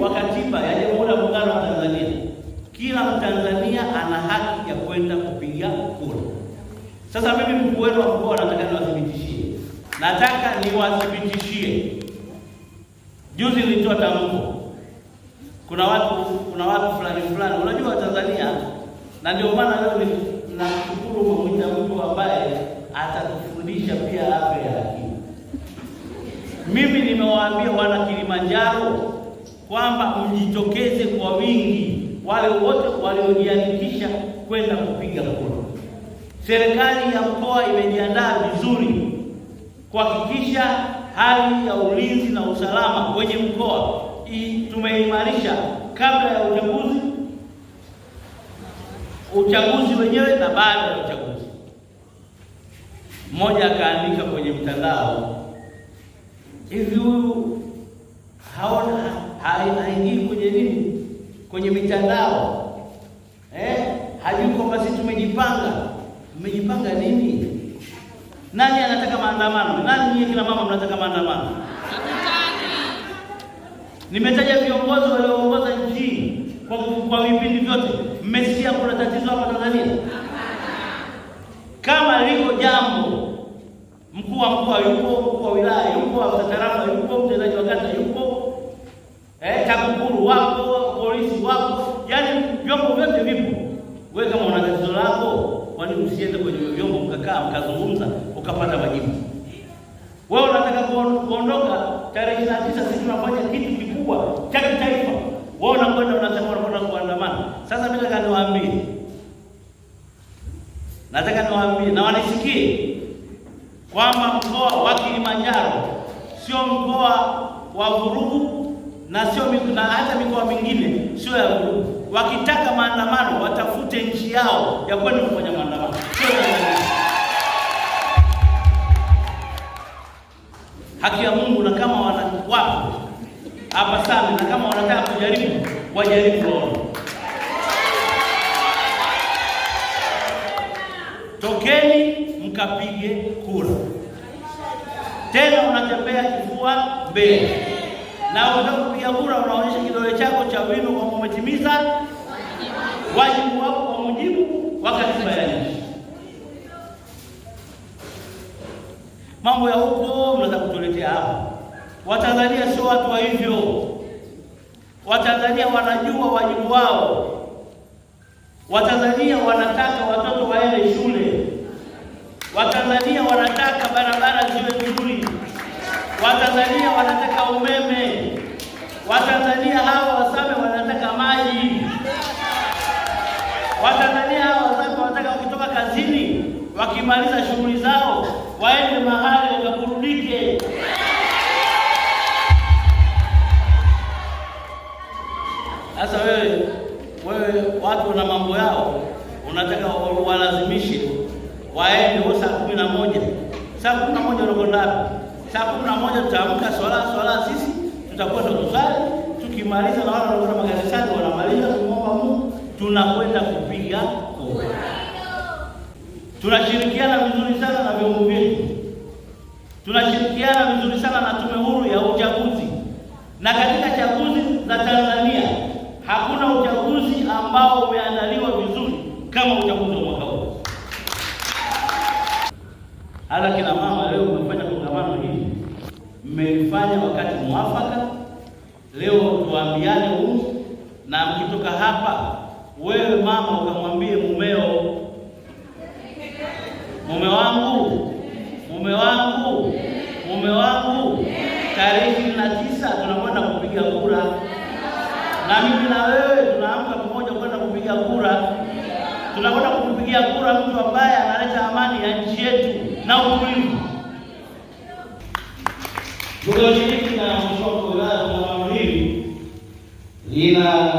wa katiba ya Jamhuri ya Muungano wa Tanzania, kila Mtanzania ana haki ya kwenda kupiga kura. Sasa mimi mkuu wenu wa mkoa nataka niwathibitishie, nataka niwathibitishie, juzi nilitoa tamko, kuna watu kuna watu fulani fulani, unajua Tanzania, na ndio maana leo nashukuru kumwita mtu ambaye atatufundisha pia afya ya akili. Mimi nimewaambia wana Kilimanjaro kwamba mjitokeze kwa wingi wale wote waliojiandikisha kwenda kupiga kura. Serikali ya mkoa imejiandaa vizuri kuhakikisha hali ya ulinzi na usalama kwenye mkoa tumeimarisha kabla ya uchaguzi, uchaguzi wenyewe na baada ya uchaguzi. Mmoja akaandika kwenye mtandao hivi, huyu haona haingii kwenye nini, kwenye mitandao eh, Hajuko basi, tumejipanga. Mmejipanga nini? Nani anataka maandamano? Nani nyinyi kina mama mnataka maandamano? Nimetaja viongozi walioongoza nchi kwa kwa vipindi vyote. Mmesikia kuna tatizo hapa Tanzania? Kama liko jambo, mkuu wa mkoa yupo, mkuu wa wilaya yupo, mtatarafa yupo, mtendaji wa kata yupo eh, TAKUKURU wako, polisi wako, yani vyombo vyote vipo. Wewe kama una tatizo lako, kwa nini usiende kwenye vyombo mkakaa mkazungumza ukapata majibu? Wewe unataka kuondoka tarehe 29 sisi tunafanya kitu kikubwa cha kitaifa, wewe unakwenda unasema unakwenda kuandamana. Sasa mimi nataka niwaambie, nataka niwaambie na wanisikie kwamba mkoa wa Kilimanjaro sio mkoa wa vurugu na sio na hata mikoa mingine sio ya nguvu. Wakitaka maandamano watafute nchi yao ya kwenda kufanya maandamano, sio Haki ya Mungu, na kama wako hapa sana, na kama wanataka kujaribu wajaribu wao. Tokeni mkapige kura, tena unatembea kifua mbele na unataka kupiga kura, unaonyesha kidole chako cha wino kwamba umetimiza wajibu wako kwa mujibu wa katiba ya nchi. Mambo ya huko mnaweza kutuletea hapo. Watanzania sio watu wa hivyo. Watanzania wanajua wajibu wao. Watanzania wanataka watoto waende shule. Watanzania wanataka barabara ziwe nzuri. Watanzania wanataka umeme, Watanzania hawa wasame wanataka maji, Watanzania hawa wasame wanataka kutoka kazini, wakimaliza shughuli zao waende mahali wakaburudike. Sasa wewe wewe, watu na mambo yao unataka walazimishe waende saa kumi na moja saa kumi na moja unakwenda wapi? saa kumi na moja tutaamka swala swala, sisi tutakuwa tukusali, tukimaliza na wale wanaokwenda makanisani wanamaliza kumwomba Mungu, tunakwenda kupiga kura. Tunashirikiana vizuri sana na vyombo vyetu, tunashirikiana vizuri sana na tume huru ya uchaguzi, na katika chaguzi za Tanzania hakuna uchaguzi ambao umeandaliwa vizuri kama uchaguzi wa mwaka hata kina mama leo mmefanya kongamano hili, mmeifanya wakati mwafaka. Leo tuambiane huu na mkitoka hapa, wewe mama ukamwambie mumeo, mume wangu, mume wangu, mume wangu, tarehe ishirini na tisa tunakwenda kupiga kura, na mimi na wewe tunaamka pamoja kwenda kupiga kura, tunakwenda kumpigia kura mtu ambaye analeta amani ya nchi yetu na utulivu. Uashiriki na mshoko wa wilaya na hili lina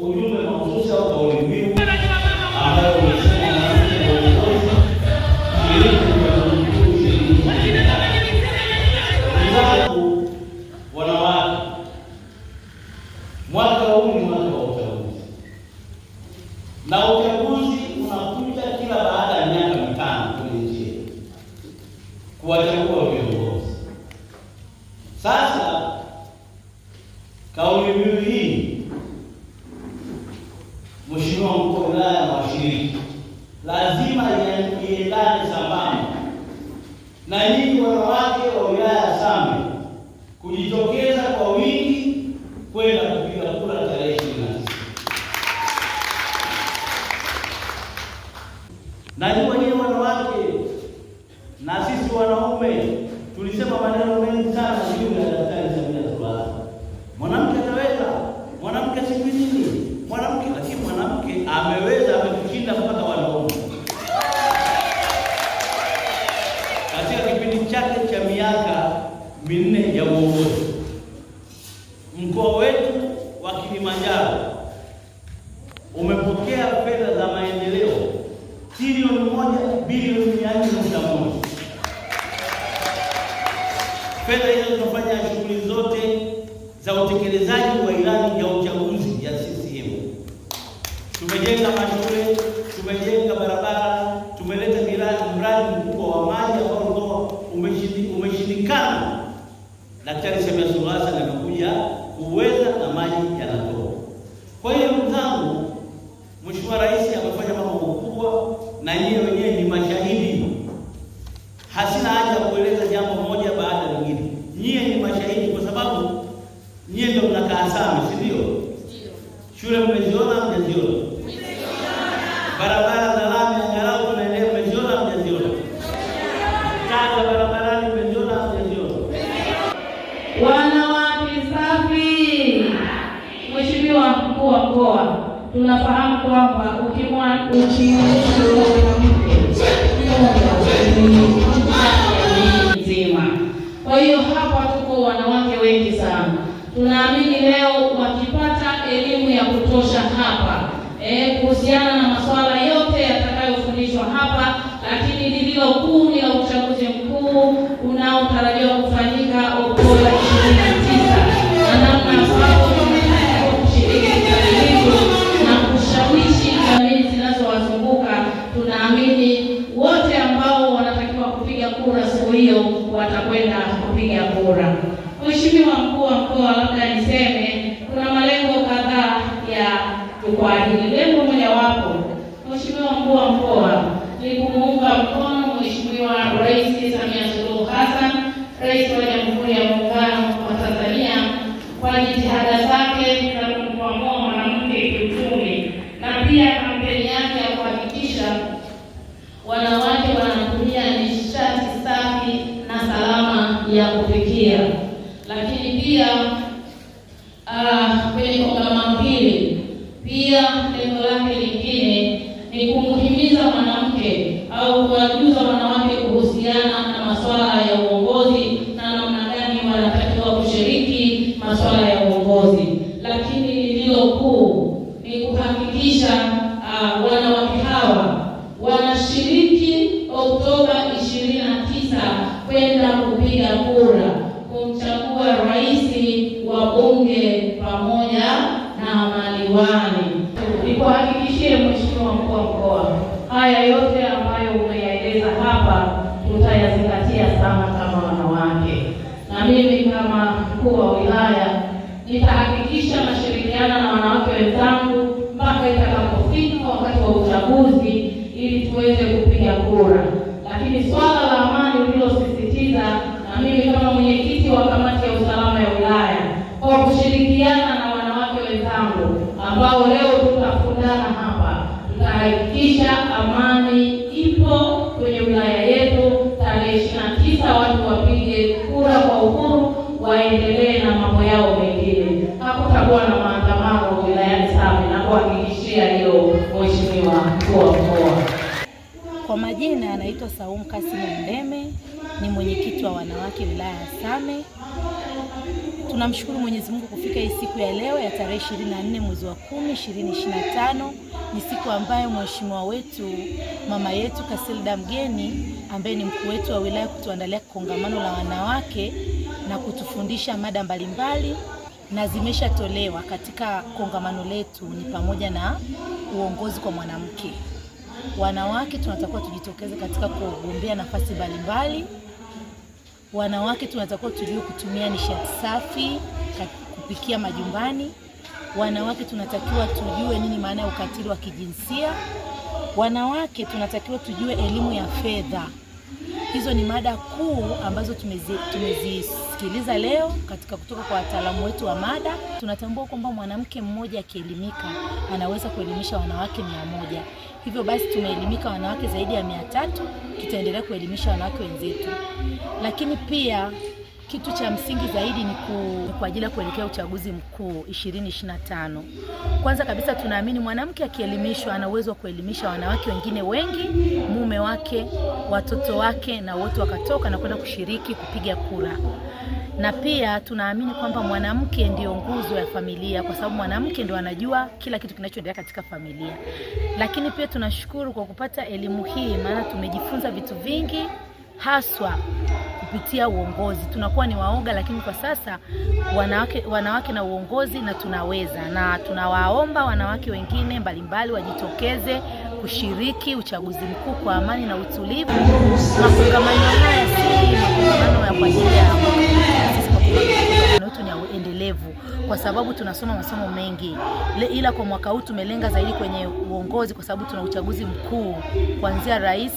ujumbe mahususi au kauli mbiu na sisi wanaume tulisema maneno mengi sana juu ya Daktari Samia Suluhu Hassan. Mwanamke anaweza, mwanamke siku nyingi, mwanamke, lakini mwanamke ameweza, ametushinda mpaka wanaume katika kipindi chake cha miaka minne ya uongozi. Mkoa wetu wa Kilimanjaro umepokea fedha za maendeleo trilioni moja bilioni mia nne fedha hizo zitafanya shughuli zote za utekelezaji wa ilani ya uchaguzi ya CCM. Tumejenga mashule, tumejenga barabara, tumeleta mradi mkubwa wa maji ambao umeshindikana. Daktari Samia Suluhu Hassan amekuja kuweza na maji yanatoka. Kwa hiyo ndugu zangu, Mheshimiwa Rais amefanya mambo makubwa na yeye mmeziona? Mmeziona barabara za lami angalau tunaendelea, mmeziona? Mmeziona taka barabarani, mmeziona? Mmeziona wanawake safi. Mheshimiwa mkuu wa mkoa, tunafahamu kwamba ukimwa nzima, kwa hiyo hapa tuko wanawake wengi sana tunaamini leo wakipata elimu ya kutosha hapa eh, kuhusiana na masuala yote yatakayofundishwa hapa, lakini lililo kuu ni la uchaguzi mkuu unaotarajiwa kufanyika Oktoba diwani. Nikuhakikishie Mheshimiwa mkuu wa mkoa, haya yote ambayo umeyaeleza hapa tutayazingatia sana kama wanawake, na mimi kama mkuu wa wilaya nitahakikisha nashirikiana na wanawake wenzangu mpaka itakapofika wakati wa uchaguzi ili tuweze kupiga kura, lakini swala waendelee na mambo yao mengine. Hakutakuwa na maandamano wilayani Same, na kuhakikishia hiyo Mheshimiwa Mkuu wa Mkoa. Kwa majina anaitwa saum Kasimu mdeme ni mwenyekiti wa wanawake wilaya ya Same. Tunamshukuru Mwenyezi Mungu kufika hii siku ya leo ya tarehe 24 mwezi wa 10 2025 ni siku ambayo mheshimiwa wetu mama yetu Kasilda Mgeni ambaye ni mkuu wetu wa wilaya kutuandalia kongamano la wanawake na kutufundisha mada mbalimbali, na zimeshatolewa katika kongamano letu, ni pamoja na uongozi kwa mwanamke. Wanawake tunatakiwa tujitokeze katika kugombea nafasi mbalimbali. Wanawake tunatakiwa tujue kutumia nishati safi kupikia majumbani. Wanawake tunatakiwa tujue nini maana ya ukatili wa kijinsia. Wanawake tunatakiwa tujue elimu ya fedha. Hizo ni mada kuu ambazo tumezisikiliza leo katika kutoka kwa wataalamu wetu wa mada. Tunatambua kwamba mwanamke mmoja akielimika anaweza kuelimisha wanawake mia moja. Hivyo basi tumeelimika wanawake zaidi ya mia tatu, tutaendelea kuelimisha wanawake wenzetu, lakini pia kitu cha msingi zaidi ni ku, kwa ajili ya kuelekea uchaguzi mkuu 2025. Kwanza kabisa tunaamini mwanamke akielimishwa ana uwezo wa kuelimisha wanawake wengine wengi, mume wake, watoto wake, na wote wakatoka na kwenda kushiriki kupiga kura. Na pia tunaamini kwamba mwanamke ndiyo nguzo ya familia, kwa sababu mwanamke ndio anajua kila kitu kinachoendelea katika familia. Lakini pia tunashukuru kwa kupata elimu hii, maana tumejifunza vitu vingi haswa kupitia uongozi. Tunakuwa ni waoga, lakini kwa sasa wanawake, wanawake na uongozi na tunaweza, na tunawaomba wanawake wengine mbalimbali wajitokeze kushiriki uchaguzi mkuu kwa amani na utulivu. Makongamano haya si makongamano ya kwa ajili ya ni endelevu, kwa sababu tunasoma masomo mengi Le, ila kwa mwaka huu tumelenga zaidi kwenye uongozi, kwa sababu tuna uchaguzi mkuu kuanzia rais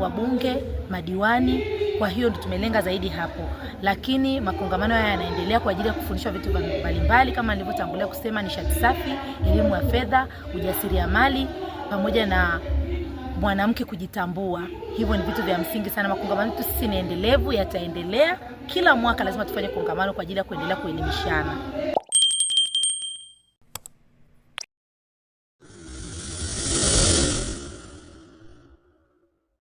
wabunge, madiwani. Kwa hiyo tumelenga zaidi hapo, lakini makongamano haya yanaendelea kwa ajili ya kufundishwa vitu mbalimbali kama nilivyotangulia kusema, nishati safi, elimu ya fedha, ujasiriamali pamoja na mwanamke kujitambua. Hivyo ni vitu vya msingi sana. Makongamano yetu sisi ni endelevu, yataendelea kila mwaka, lazima tufanye kongamano kwa ajili ya kuendelea kuelimishana.